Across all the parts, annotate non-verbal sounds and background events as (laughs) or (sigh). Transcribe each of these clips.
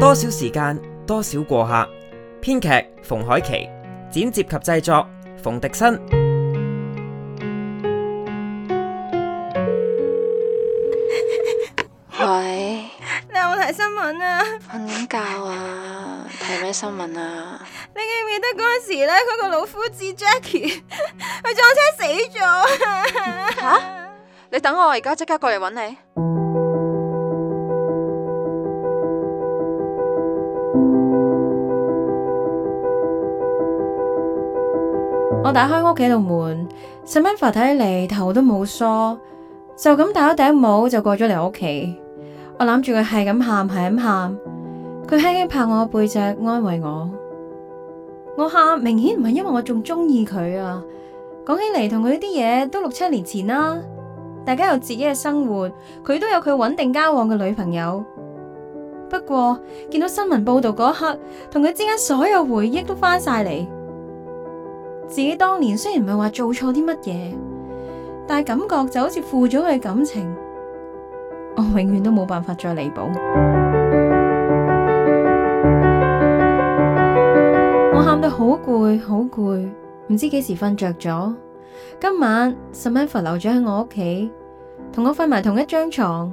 多少時間，多少過客？編劇馮海琪，剪接及製作馮迪新。喂，你有冇睇新聞啊？瞓緊覺啊？睇咩新聞啊？你記唔記得嗰陣時咧，嗰個老夫子 Jackie，佢撞車死咗吓、啊？啊、你等我，我而家即刻過嚟揾你。我打開屋企度門，Samantha 睇起嚟頭都冇梳，就咁戴咗頂帽就過咗嚟我屋企。我攬住佢係咁喊，係咁喊，佢輕輕拍我背脊安慰我。我喊明顯唔係因為我仲鍾意佢啊！講起嚟同佢啲嘢都六七年前啦，啊，大家有自己嘅生活，佢都有佢穩定交往嘅女朋友。不過見到新聞報道嗰刻，同佢之間所有回憶都翻晒嚟。自己當年雖然唔係話做錯啲乜嘢，但係感覺就好似負咗佢感情，我永遠都冇辦法再彌補。 (music) 我喊到好攰，好攰，唔知幾時瞓着咗。今晚 Samantha 留咗喺我屋企，同我瞓埋同一張床。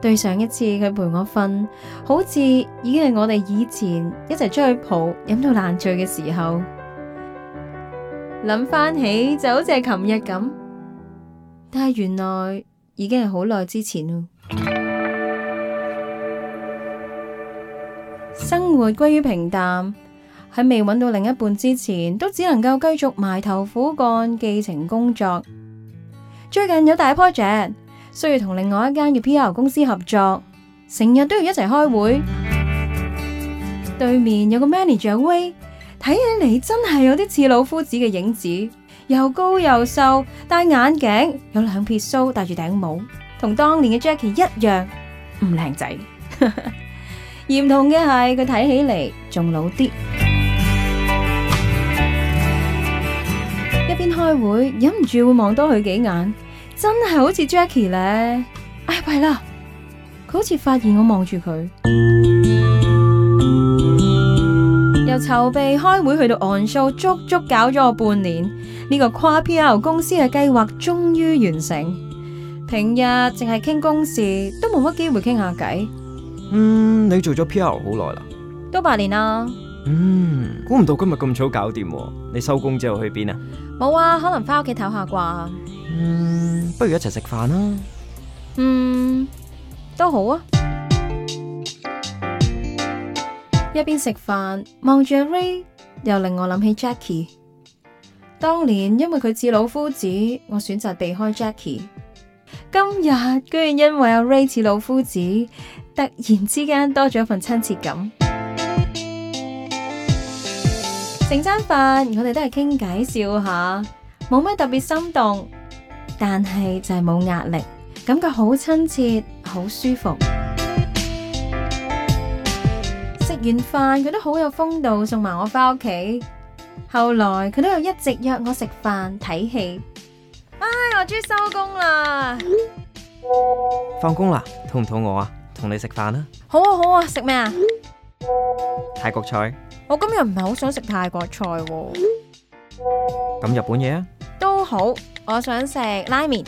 對上一次佢陪我瞓，好似已經係我哋以前一齊出去蒲，飲到爛醉嘅時候。諗翻起就好似係琴日咁，但係原來已經係好耐之前啦。生活歸於平淡，喺未揾到另一半之前，都只能夠繼續埋頭苦幹，寄情工作。最近有大 project，需要同另外一間嘅 PR 公司合作，成日都要一齊開會。對面有個 manager 威。睇起嚟真係有啲似老夫子嘅影子，又高又瘦，戴眼鏡，有兩撇鬚，戴住頂帽，同當年嘅 Jackie 一樣唔靚仔。嚴重嘅係，佢睇起嚟仲老啲。一邊開會，忍唔住會望多佢幾眼，真係好似 Jackie 咧。哎，弊喇，佢好似發現我望住佢。籌備開會去到埋數，足足搞咗我半年。呢個跨 PR 公司嘅計劃終於完成。平日淨係傾公事，都冇乜機會傾下偈。嗯，你做咗 PR 好耐啦？都八年啦。嗯，估唔到今日咁早搞掂。你收工之後去邊啊？冇啊，可能翻屋企唞下啩。嗯，不如一齊食飯啦。嗯，都好啊。一邊食飯望住阿 Ray，又令我諗起 Jackie。當年因為佢似老夫子，我選擇避開 Jackie。今日居然因為阿 Ray 似老夫子，突然之間多咗份親切感。成餐飯，我哋都係傾偈笑下，冇乜特別心動，但係就係冇壓力，感覺好親切，好舒服。完飯，佢都好有風度，送埋我翻屋企，後來佢都有一直約我食飯睇戲。唉，我終於收工啦，放工啦，肚唔肚餓啊？同你食飯啊？好啊好啊，食咩啊？泰國菜。我今日唔係好想食泰國菜喎。咁日本嘢啊？都好，我想食拉麵。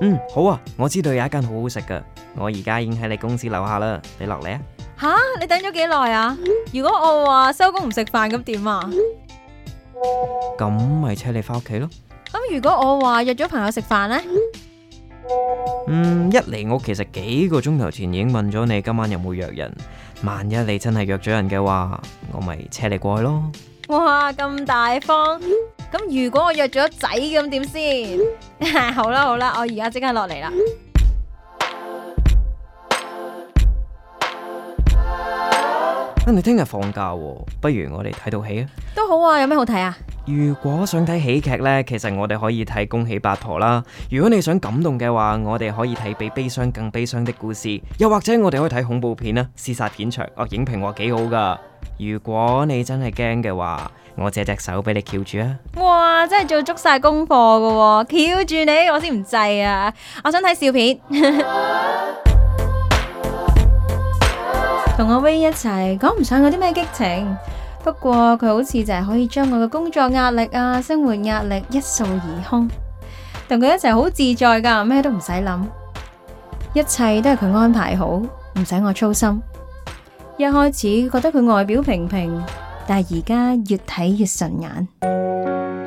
嗯，好啊，我知道有一間好好食噶，我而家已經喺你公司樓下啦，你落嚟啊？吓、啊！你等咗幾耐啊？如果我話收工唔食飯咁點啊？咁咪車你翻屋企咯。咁如果我話約咗朋友食飯呢？嗯，一嚟我其實幾個鐘頭前已經問咗你今晚有冇約人。萬一你真係約咗人嘅話，我咪車你過去咯。哇，咁大方！咁如果我約咗仔咁點先？ (laughs) 好啦好啦，我而家即刻落嚟啦。你聽日放假，不如我哋睇套戲啊？都好啊，有咩好睇啊？如果想睇喜劇呢，其實我哋可以睇《恭喜八婆》啦。如果你想感動嘅話，我哋可以睇《比悲傷更悲傷的故事》。又或者我哋可以睇恐怖片啊、屍殺片場，哦、啊，影評話幾好噶。如果你真係驚嘅話，我借隻手俾你翹住啊！哇，真係做足晒功課噶，翹住你我先唔制啊！我想睇笑片。 (laughs) 同阿威一齊，講唔上有啲咩激情。不過佢好似就係可以將我嘅工作壓力啊、生活壓力一掃而空。同佢一齊好自在噶，咩都唔使諗，一切都係佢安排好，唔使我操心。 (music) 一開始覺得佢外表平平，但係而家越睇越順眼。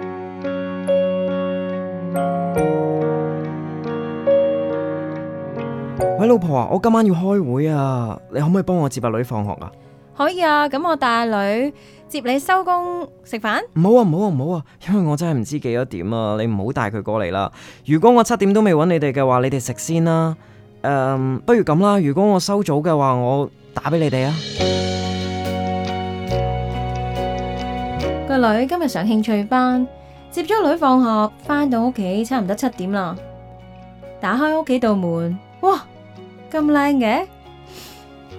喂，老婆啊，我今晚要開會啊，你可唔可以幫我接阿女放學啊？可以啊，咁我帶女接你收工食飯。唔好啊，唔好啊，唔好啊，因為我真係唔知幾多點啊，你唔好帶佢過嚟啦。如果我七點都未揾你哋嘅話，你哋食先啦。誒，不如咁啦，如果我收早嘅話，我打俾你哋啊。個女今日上興趣班，接咗女放學，返到屋企差唔多七點啦。打開屋企度門，哇！咁靚嘅，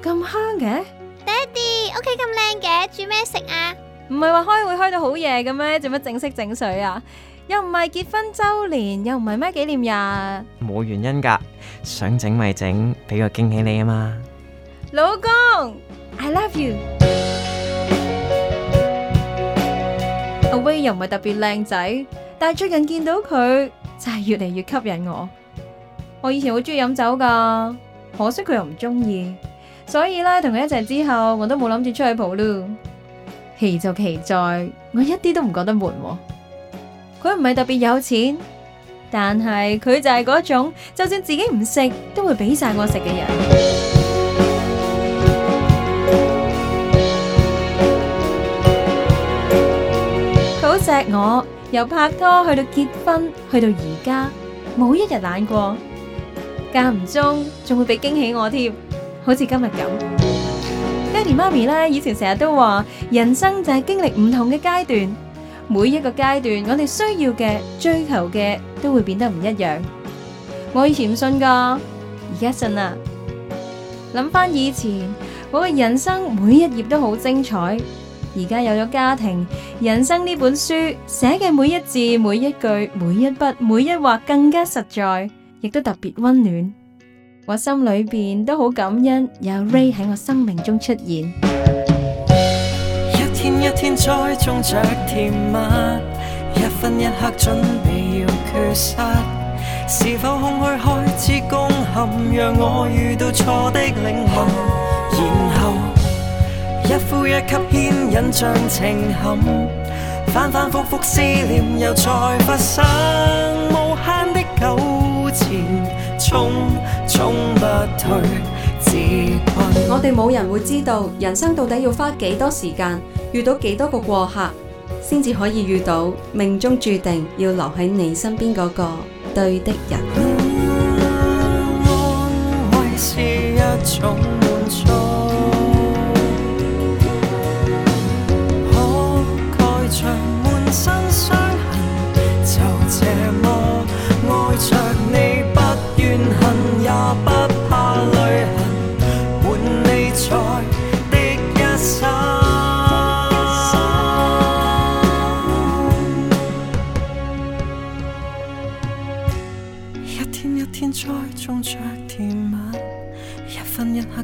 咁香嘅，爹哋，屋企咁靚嘅，煮咩食啊？唔係話開會開到好夜嘅咩？做乜整色整水啊？又唔係結婚周年，又唔係咩紀念日，冇原因噶，想整咪整，俾個驚喜你啊嘛！老公，I love you。阿威又唔係特別靚仔，但係最近見到佢就係越嚟越吸引我。我以前好中意飲酒噶。可惜佢又唔中意，所以咧，同佢一齊之後，我都冇諗住出去蒲咯。奇就奇在，我一啲都唔覺得悶啊。佢唔係特別有錢，但係佢就係嗰種，就算自己唔食，都會俾晒我食嘅人。佢好錫我，由拍拖去到結婚，去到而家，冇一日懶過。間唔中仲會俾驚喜我添，好似今日咁。爹哋媽咪咧，以前成日都話，人生就係經歷唔同嘅階段，每一個階段我哋需要嘅、追求嘅都會變得唔一樣。我以前唔信噶，而家信啦。諗翻以前，我嘅人生每一頁都好精彩。而家有咗家庭，人生呢本書寫嘅每一字、每一句、每一筆、每一畫，更加實在。亦都特別溫暖，我心裏邊都好感恩有 Ray 喺我生命中出現。一天一天栽種着甜蜜，一分一刻準備要缺失，是否空虛開始攻陷，讓我遇到錯的領悟，然後一呼一吸牽引像情陷，反反复覆思念又再發生無限的糾纏。前不退自我哋冇人會知道，人生到底要花幾多時間，遇到幾多個過客，先至可以遇到命中注定要留喺你身邊嗰個對的人。 (noise) 嗯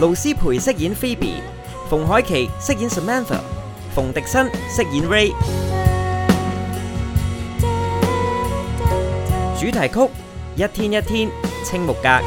盧思培飾演菲比，馮海琪飾演 Samantha，馮迪新飾演 Ray。 (music) 主題曲《一天一天》，青木格。